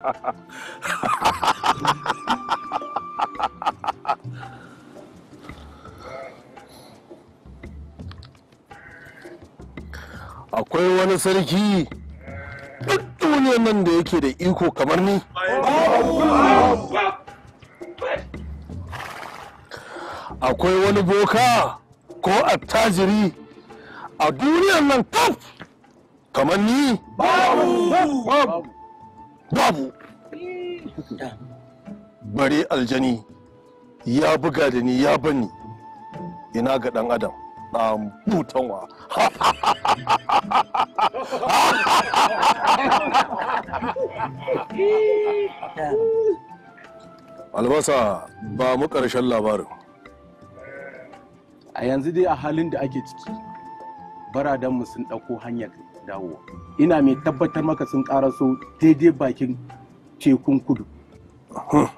akwai wani sarki duk duniyar nan da yake da iko kamar ni akwai wani boka ko attajiri a duniyar nan kaf kamar ni babu babu bare aljani ya buga da ni ya bani ina ga dan adam na butanwa albasa ba mu ƙarshen labarin a yanzu dai a halin da ake ciki baradanmu sun ɗauko hanyar dawo ina mai tabbatar maka sun ƙara so daidai bakin tekun kudu hmm.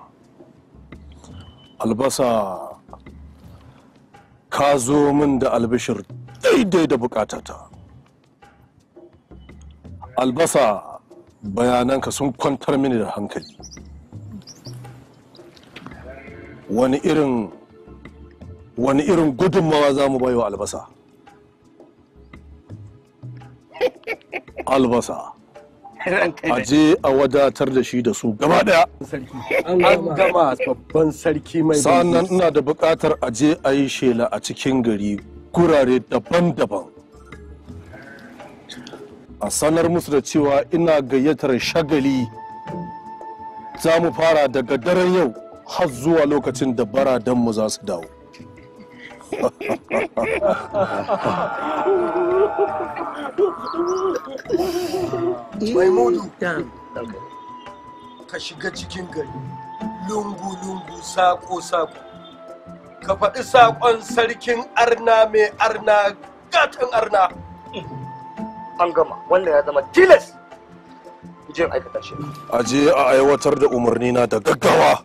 albasa ka zo min da albishir daidai da bukatata albasa bayananka sun kwantar mini da hankali wani irin wani irin gudunmawa za mu baiwa albasa albasa a a wadatar da shi da su gaba daya an gama babban sarki mai sannan ina da buƙatar a je a yi shela a cikin gari gurare daban-daban a sanar musu da cewa ina gayyatar shagali za mu fara daga daren yau har zuwa lokacin da baradanmu za su dawo Maimudu, eh, ka shiga cikin gari lungu-lungu sako-sako. Ka faɗi saƙon sarkin arna mai arna gatan arna. An gama, wannan ya zama tilas jin aikata shi. Aje a aiwatar da umarnina da gaggawa.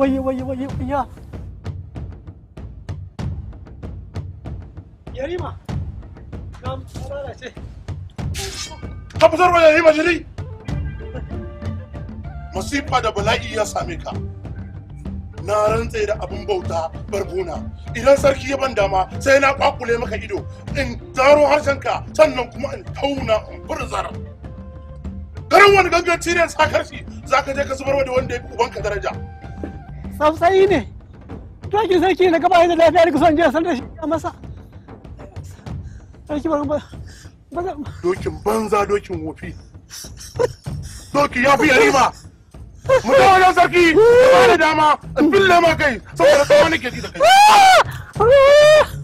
വയ്യ വയ്യ ka fitar da bala'i ya same ka na rantse da abin bauta barbuna idan sarki ya ban dama sai na kwakule maka ido in zaro harshenka sannan kuma in tauna in furzar garin wani gangan ne sa shi za ka je ka zubarwa da wanda ya fi ubanka daraja tsautsayi ne dokin sarki na gaba da lafiya da kusan jiya sanda shi a masa sarki ba dokin banza dokin wofi doki ya fi yarima mu da wajen sarki ba da dama in bille ma kai saboda kuma nake ji da kai ah!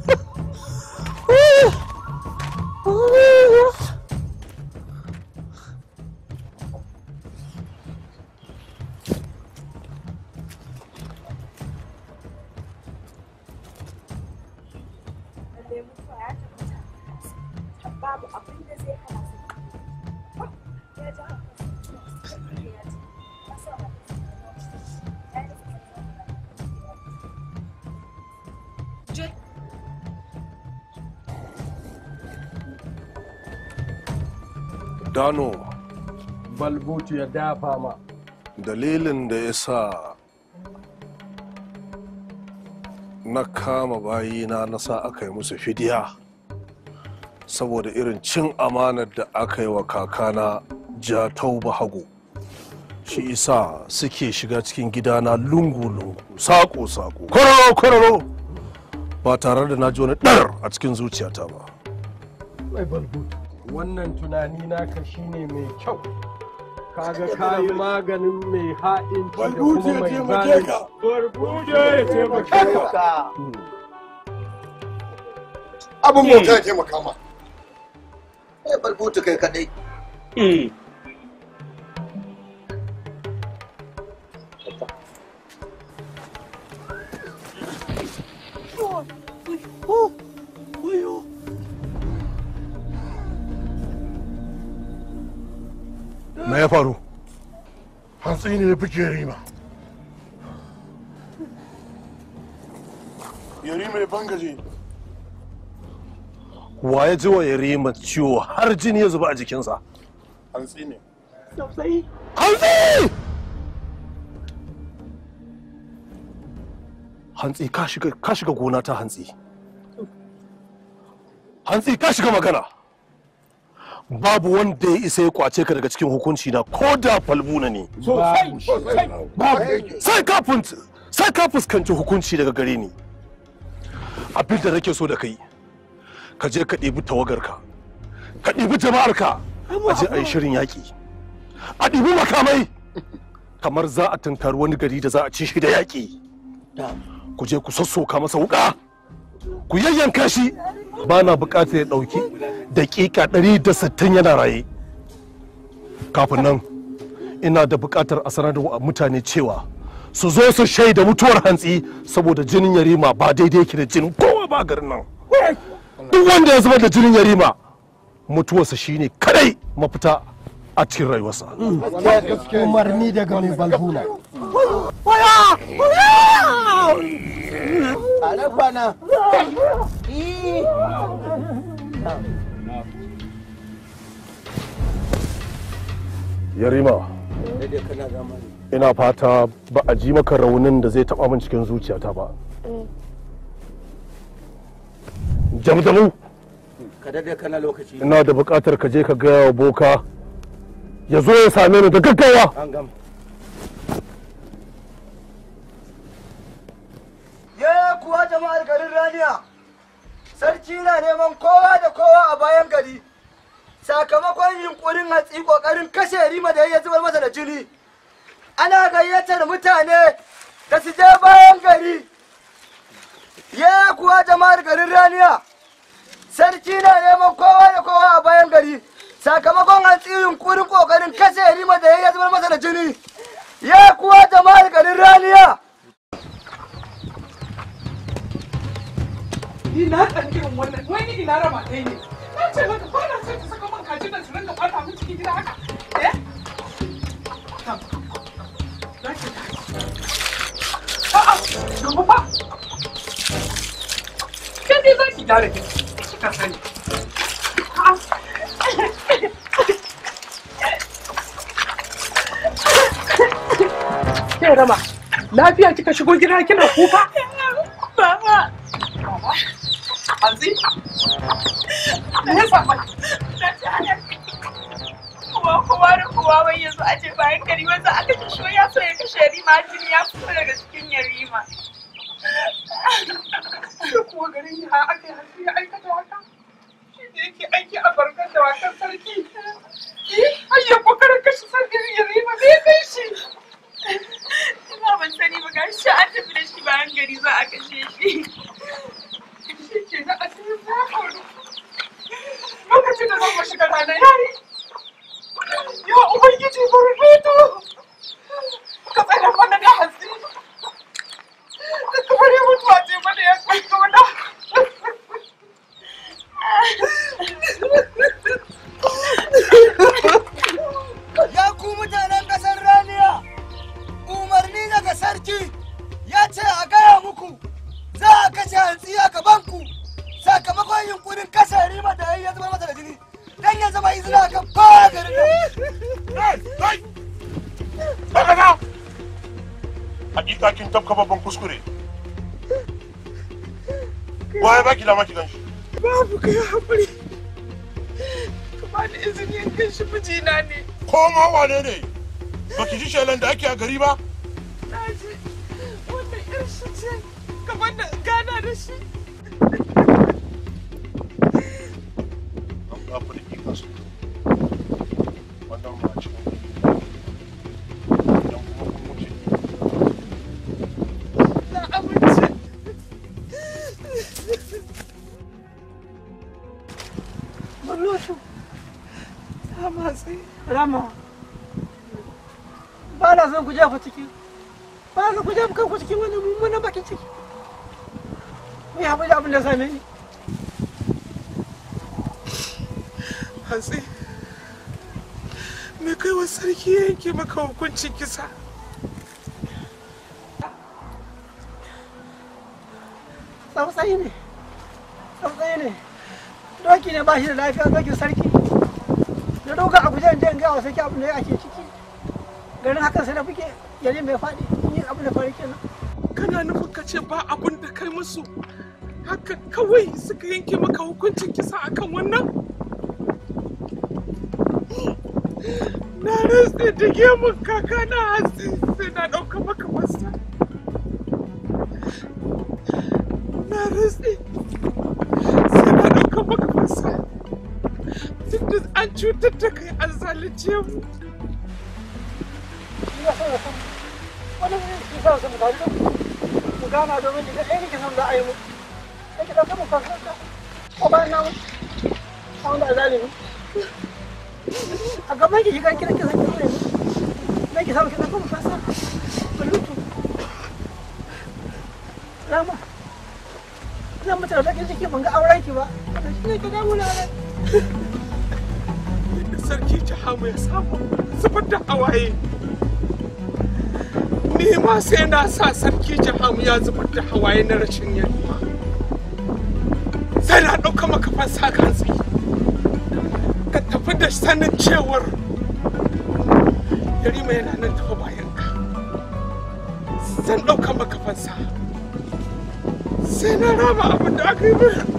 dano balbutu ya dafa ma dalilin da ya sa na kama bayina na sa aka yi musu fidiya saboda irin cin amanar da aka yi wa kakana ja-tauba hagu shi isa suke shiga cikin gidana lungu-lungu sako-sako kwararo-kwararo ba tare da na ji wani ɗar a cikin zuciyata ba. wannan tunani naka shine mai kyau kaga kayi maganin mai ha'in da kuma mai zalim barbuje ya taimake ka abin bauta ya hmm. taimaka ma eh, kai balbuta kai kadai ya faru hantsi ne ya fi yarima yarima ya bangaje wa ya ji wa yarima ciwo har jini ya zuba a jikinsa hantsi ne hantsi hantsi ka shiga gona ta hantsi hantsi ka shiga magana babu wanda ya isa ya kwace ka daga cikin hukunci na ko da falbuna ne sai kafin sai ka fuskanci hukunci daga gare ni abin da nake so da kai ka je ka ɗebi tawagarka ka ɗebi jama'arka a je a yi shirin yaƙi a ɗibi makamai kamar za a tunkari wani gari da za a ci shi da yaƙi ku je ku sassoka masa wuƙa ku yayyanka shi ba na bukatar ya ɗauki daƙiƙa 160 yana raye kafin nan ina da bukatar a sanar da mutane cewa su zo su shaida mutuwar hantsi saboda jinin yarima ba daidai yake da jinin kowa ba garin nan duk wanda ya zama da jinin yarima mutuwarsa shine kadai mafita a cikin rayuwarsa umarni daga mai balbuna Yarima. Ina fata ba a ji maka raunin da zai taɓa min cikin zuciyata ba. Jamjamu. Ina da buƙatar ka je ka gaya wa boka ya zo ya same ni da gaggawa. kuwa jama'ar garin raniya sarki na neman kowa da kowa a bayan gari sakamakon yunkurin hatsi kokarin kashe rima da ya zubar masa da jini ana gayyatar mutane da su je bayan gari ya kuwa jama'ar garin raniya sarki na neman kowa da kowa a bayan gari sakamakon hatsi yunkurin kokarin kashe rima da ya zubar masa da jini ya kuwa jama'ar garin raniya ina ɗan irin wannan wani ina raba ɗaya ne na ce ba na son ta saka man kajin su rinka ɓata min cikin gida haka eh a'a dubu ba kai ne za ki kika rama, lafiya kika shigo gida kina kuka? Baba, Hanzi? Me ya samu? Kuma kuma da kuma wai yi a ce bayan gari wanda aka ci shi ya so ya kashe Rima jini ya fito daga cikin Yarima. Kuma garin ya aka yi hanzu ya aikata haka. Shi da yake aiki a barkar da wakan sarki. Eh, har ya kokarin kashe sarkin Yarima zai kai shi. Ina ban sani ba gashi an tafi da shi bayan gari za a kashe shi. a cikin boko lokacin da zan shiga rana yayi ya ubangiji burbeto ka tsare da hakika kin tabka babban kuskure waye baki dama ki ganshi babu kai hakuri kuma da izini in ganshi mijina ne ko ma wane ne baki ji shelan da ake a gari ba na ji wannan yar ce kamar da gana da shi kama ba na ku ciki ba na ku ciki mu yi da abin da me kai wa sarki yanke maka hukuncin kisa tsautsayi ne ne doki ne ba shi da lafiya dokin sarki na ɗauka a guje je in gaya wa abin da ya ake ciki garin hakan sai na fuke yare mai faɗi yi abin da faru kenan kana nufin ka ce ba abin da kai musu haka kawai suka yanke maka hukuncin kisa akan wannan na rantse da gemun kaka na hatsi sai na an cutar da kai an zalice mu wani wuri shi sa su mutane mu gana domin da ɗaya nake son a yi mu sai ki ɗauka mu ko bayan namu a wanda a zalimi a gaban ki shiga kiran kiran kiran ne na ki samu kiran kuma fasa bulutu rama zan mutar da kin ciki ban ga auren ki ba shi ne ka damu na sarki mu ya samu zubar da hawaye ni ma sai na sa sarki mu ya zubar da hawaye na rashin yalwa sai na ɗauka maka kan katsi ka tafi da sanin cewar yarima yana nan tafi bayanka zan ɗauka maka sa. sai na raba abin da aka yi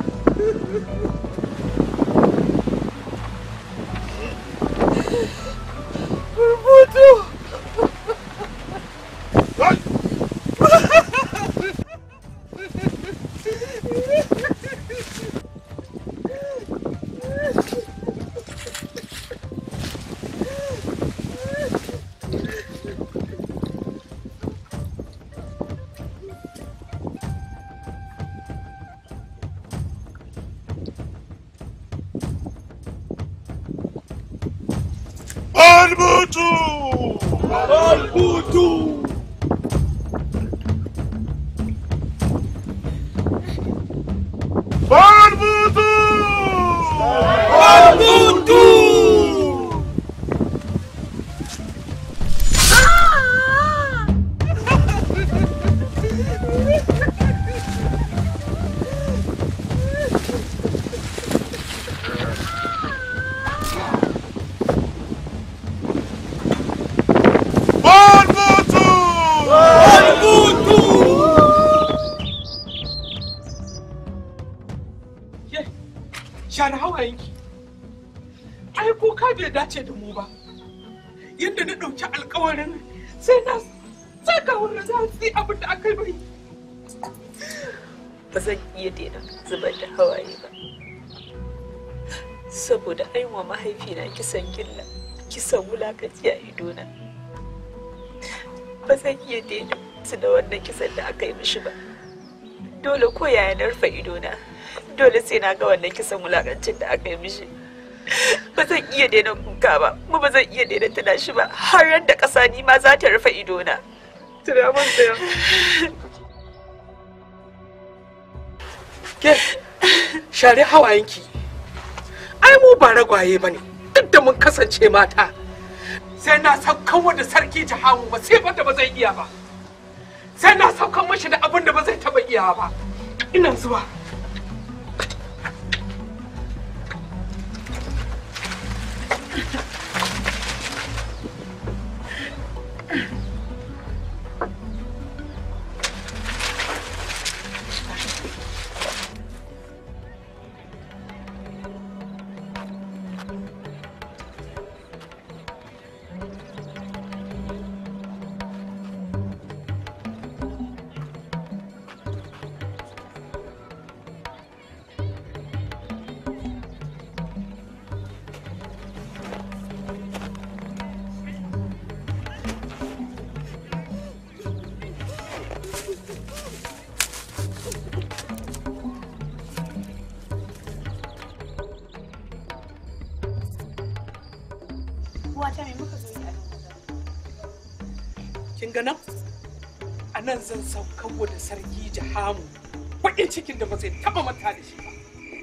dace da mu ba yadda na ɗauki alkawarin sai na saka wani zatsi abin da aka yi ba zan iya daina zubar da hawaye ba saboda aiwa mahaifina kisan gilla kisan wulakaci a idona ba zan iya daina su da wannan kisan da aka yi mishi ba dole ko yaya na rufe idona dole sai na ga wannan kisan wulakacin da aka yi mishi ba zan iya daina kuka ba kuma ba zan iya daina tuna shi ba har yanda da ƙasa ni ma za ta rufe idona tuna mun da ke share hawayenki ai mu ba ragwaye bane duk da mun kasance mata sai na saukan wanda sarki ta hamu ba sai da ba zai iya ba sai na saukan mashi da abin da ba zai taba iya ba ina zuwa uwata me muka zo yi a nan kin ga nan a nan zan saukarwa da sarki jahamu baƙin cikin da ba zai taɓa manta da shi ba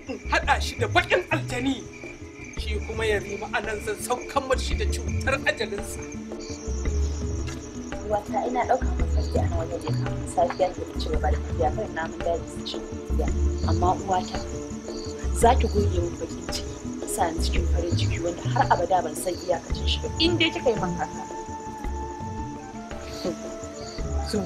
in haɗa shi da baƙin aljani shi kuma ya rima a nan zan saukan shi da cutar ajalinsa. Wata ina ɗaukar mafarki a wajen da ya safiya da ci gaba da tafiya kan namun daji su ci amma uwata za ki goge min baƙin ciki. sa ni cikin farin ciki wanda har abada ban san iyakacin shi ba in dai kika yi man haka. So,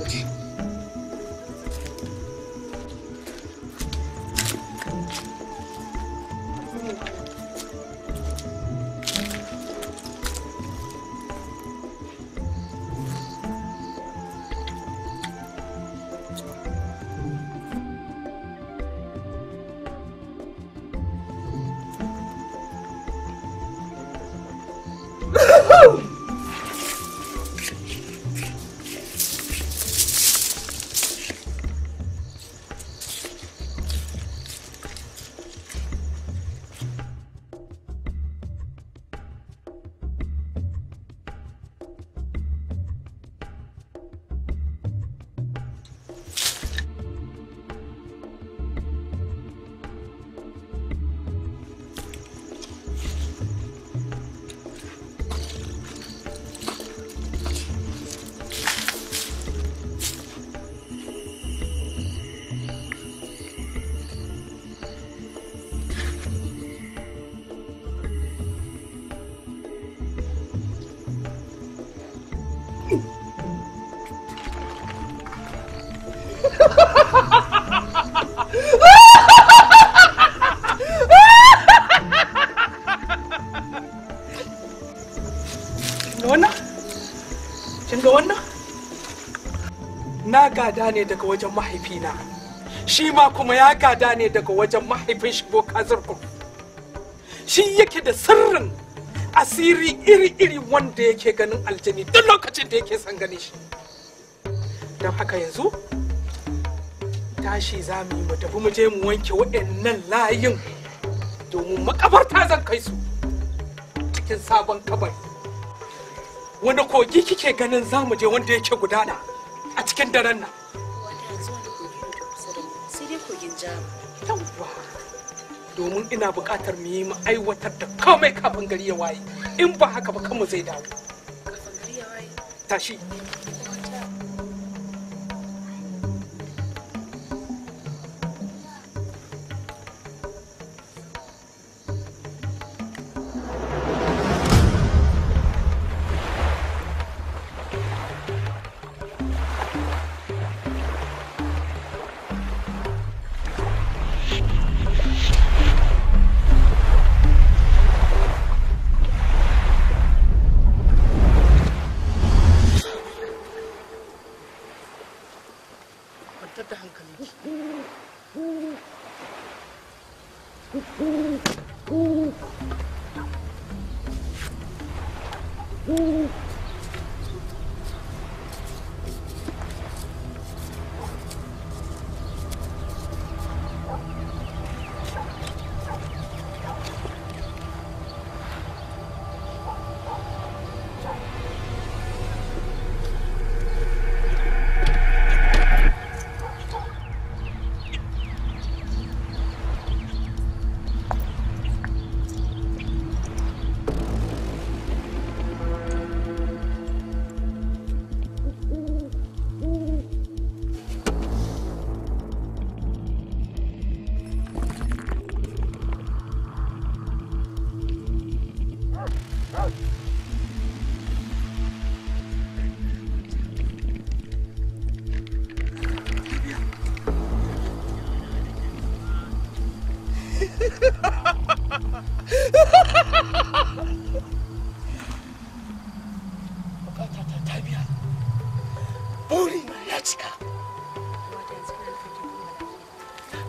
na gada ne daga wajen mahaifina shi ma kuma ya gada ne daga wajen mahaifin shi bokazirku umm. shi yake da sirrin asiri iri-iri wanda yake ganin aljani duk lokacin da yake son gani. shi don haka yanzu tashi za mu yi mu tafi mu je mu wanke waɗannan layin domin makabarta zan kai su cikin sabon kabar wani kogi kike ganin za mu je wanda yake gudana a cikin daren nan domin ina bukatar mu yi mu aiwatar da komai kafin gari ya waye in ba haka ba kanmu zai dawo tashi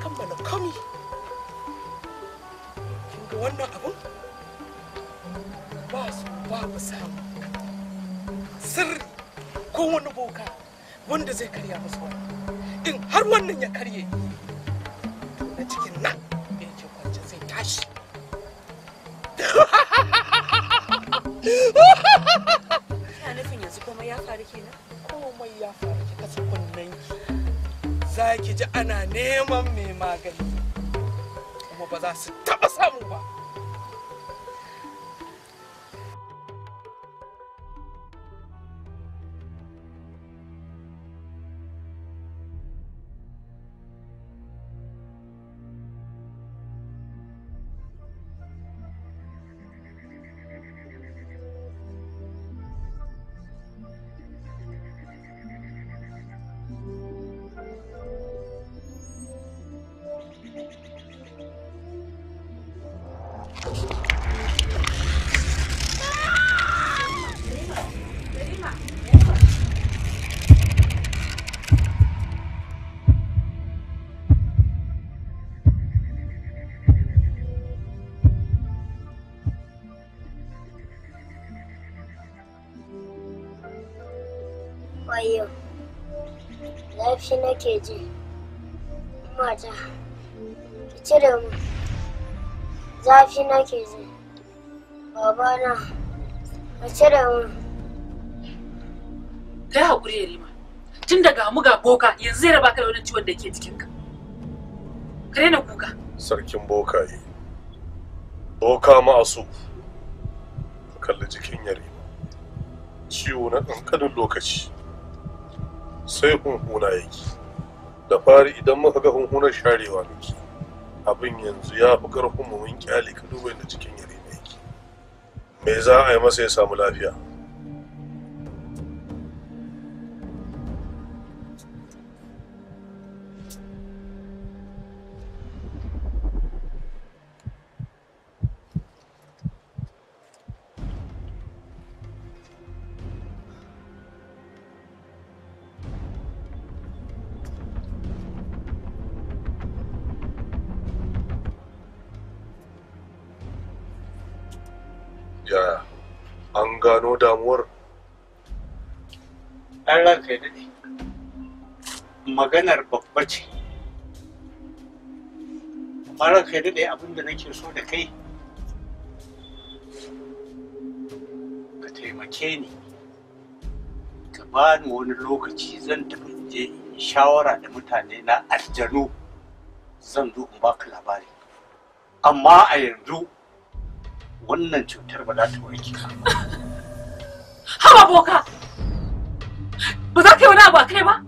kammala komi kin ga wannan abun ba su ba ba samu sirri ko wani boka wanda zai karya musu wani in har wannan ya karye na cikin nan ji ana neman mai magani kuma ba za su taɓa samu ba nake ji mata ki cire mu zafi nake ji babana ka cire mu kai hakuri rima tun daga mu ga boka yanzu zai raba ka da wani ciwon da ke cikinka. ka daina kuka sarkin boka yi boka ma'asu ka kalli jikin rima ciwo na ƙanƙanin lokaci sai hunhuna yake da fari idan muka ga hunhunar sharewa ke, abin yanzu ya fi karfin mu mun kyale ka duba inda cikin yare ne yake me za a yi masa ya samu lafiya maganar babba ce mara kai da abin da nake so da kai ka taimake ni ka ni wani lokaci zan tafi je shawara da mutane na aljanu zan zo in baka labari amma a yanzu wannan cutar ba za ta warke ka ba. boka! Ba za ka yi wani abu a kai ba?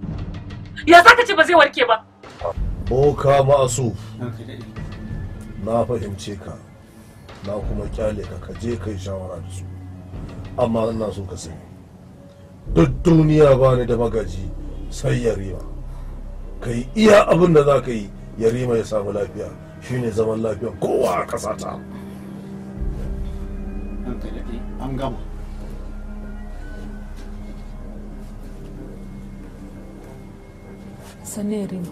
ya za ka ce ba zai warke ba boka masu na fahimce ka na kuma kyale ka ka je kai shawara da su amma ina so ka sani duk duniya ba ni da magaji sai yarima kai iya abin da za ka yi yarima ya samu lafiya shine zaman lafiya kowa a kasata. an gama Sanerino.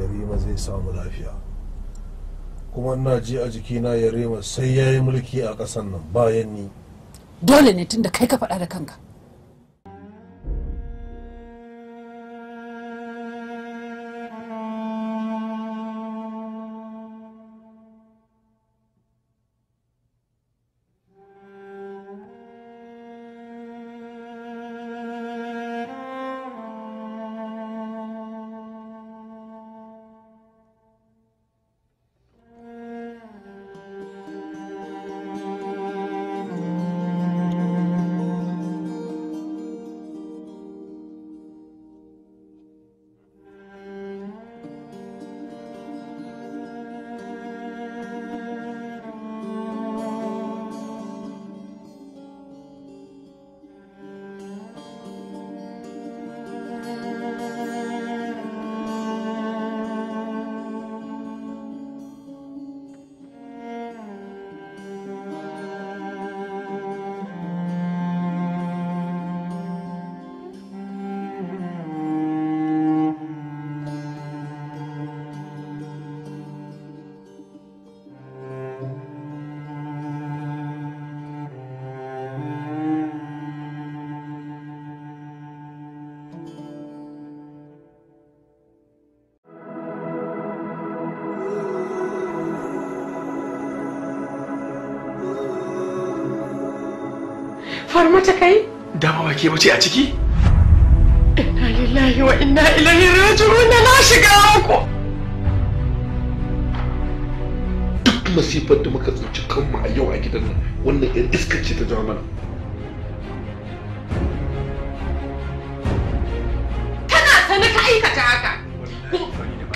Yarima zai samu lafiya. Kuma na ji a jikina Yarima sai yayi mulki a ƙasan nan bayan ni. Dole ne tunda kai ka faɗa da kanka. kafar mata kai? Dama ba ke bace a ciki? Inna lillahi wa inna ilaihi raji'un na na shiga ku. Duk masifar da muka tsinci kanmu a yau a gidan nan wannan yan iskar ce ta jawo mana. Kana sani ka aikata haka?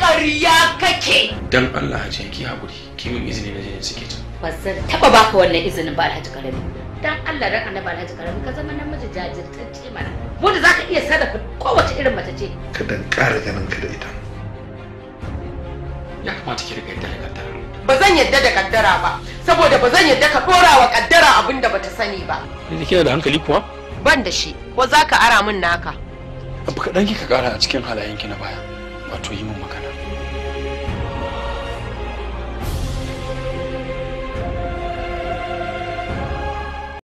Ƙarya kake. Dan Allah ce ki haƙuri, ki min izini na je suke ta. Ba zan taɓa baka wannan izinin ba Alhaji Karami. dan Allah dan annabi Alhaji Karami ka zama namiji jajirtacce mana wanda zaka iya sarrafa kowace irin mace ce ka dan ƙara ganin ka da ita ya kamata ki riga yadda da kaddara ba zan yadda da kaddara ba saboda ba zan yadda ka dora wa kaddara abin da bata sani ba ni kina da hankali kuwa ban da shi ko zaka ara min naka abu kaɗan ka ƙara a cikin halayenki na baya wato yi min magana